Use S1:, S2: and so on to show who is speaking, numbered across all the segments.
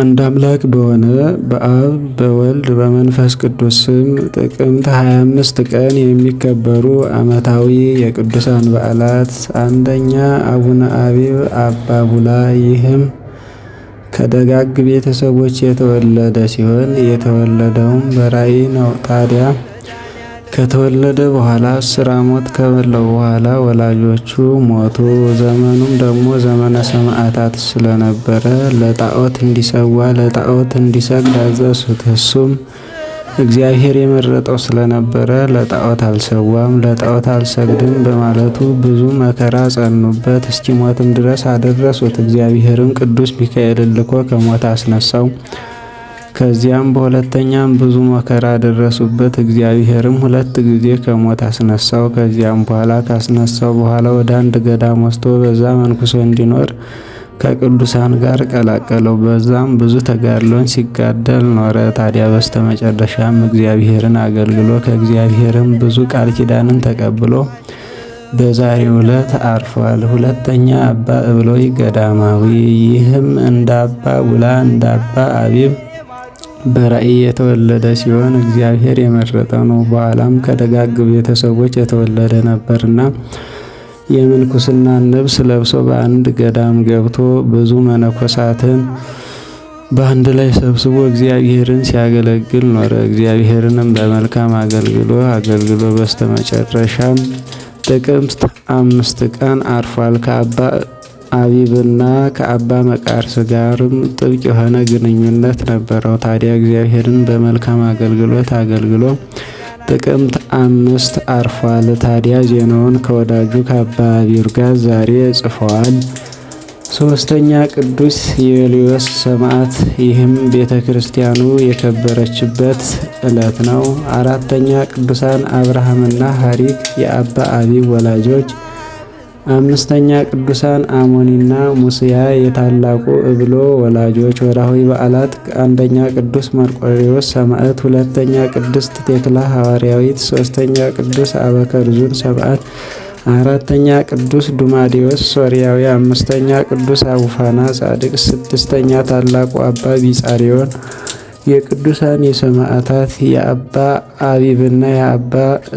S1: አንድ አምላክ በሆነ በአብ በወልድ በመንፈስ ቅዱስ ስም ጥቅምት 25 ቀን የሚከበሩ ዓመታዊ የቅዱሳን በዓላት፣ አንደኛ አቡነ አቢብ አባ ቡላ። ይህም ከደጋግ ቤተሰቦች የተወለደ ሲሆን የተወለደውም በራእይ ነው። ታዲያ ከተወለደ በኋላ አስር ዓመት ከበላው በኋላ ወላጆቹ ሞቱ። ዘመኑም ደግሞ ዘመነ ሰማዕታት ስለነበረ ለጣዖት እንዲሰዋ ለጣዖት እንዲሰግድ አዘዙት። እሱም እግዚአብሔር የመረጠው ስለነበረ ለጣዖት አልሰዋም፣ ለጣዖት አልሰግድም በማለቱ ብዙ መከራ ጸኑበት። እስኪሞትም ድረስ አደረሱት። እግዚአብሔርም ቅዱስ ሚካኤል ልኮ ከሞት አስነሳው። ከዚያም በሁለተኛም ብዙ መከራ ደረሱበት እግዚአብሔርም ሁለት ጊዜ ከሞት አስነሳው። ከዚያም በኋላ ካስነሳው በኋላ ወደ አንድ ገዳም ወስዶ በዛ መንኩሶ እንዲኖር ከቅዱሳን ጋር ቀላቀለው። በዛም ብዙ ተጋድሎን ሲጋደል ኖረ። ታዲያ በስተመጨረሻም እግዚአብሔርን አገልግሎ ከእግዚአብሔርም ብዙ ቃል ኪዳንን ተቀብሎ በዛሬው ዕለት አርፏል። ሁለተኛ አባ እብሎይ ገዳማዊ። ይህም እንደ አባ ውላ እንደ አባ አቢብ በራእይ የተወለደ ሲሆን እግዚአብሔር የመረጠው ነው። በኋላም ከደጋግ ቤተሰቦች የተወለደ ነበርና የምንኩስና ልብስ ለብሶ በአንድ ገዳም ገብቶ ብዙ መነኮሳትን በአንድ ላይ ሰብስቦ እግዚአብሔርን ሲያገለግል ኖረ። እግዚአብሔርንም በመልካም አገልግሎ አገልግሎ በስተመጨረሻም ጥቅምት አምስት ቀን አርፏል። ከአባ አቢብና ከአባ መቃርስ ጋርም ጥብቅ የሆነ ግንኙነት ነበረው። ታዲያ እግዚአብሔርን በመልካም አገልግሎት አገልግሎ ጥቅምት አምስት አርፏል። ታዲያ ዜናውን ከወዳጁ ከአባ አቢር ጋር ዛሬ ጽፈዋል። ሶስተኛ ቅዱስ ዮልዮስ ሰማዕት፣ ይህም ቤተ ክርስቲያኑ የከበረችበት ዕለት ነው። አራተኛ ቅዱሳን አብርሃምና ሀሪክ የአባ አቢብ ወላጆች አምስተኛ ቅዱሳን አሞኒና ሙስያ የታላቁ እብሎ ወላጆች ወርኃዊ በዓላት፣ አንደኛ ቅዱስ መርቆሬዎስ ሰማዕት፣ ሁለተኛ ቅድስት ቴክላ ሐዋርያዊት፣ ሶስተኛ ቅዱስ አበከርዙን ሰብአት፣ አራተኛ ቅዱስ ዱማዲዎስ ሶርያዊ፣ አምስተኛ ቅዱስ አቡፋና ጻድቅ፣ ስድስተኛ ታላቁ አባ ቢጻሪዮን የቅዱሳን የሰማዕታት የአባ አቢብና የአባ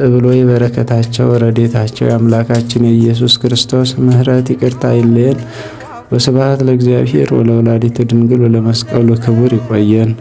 S1: እብሎይ በረከታቸው ረዴታቸው የአምላካችን የኢየሱስ ክርስቶስ ምሕረት ይቅርታ አይለየን። ወስብሐት ለእግዚአብሔር ወለወላዲቱ ድንግል ወለመስቀሉ ክቡር ይቆየን።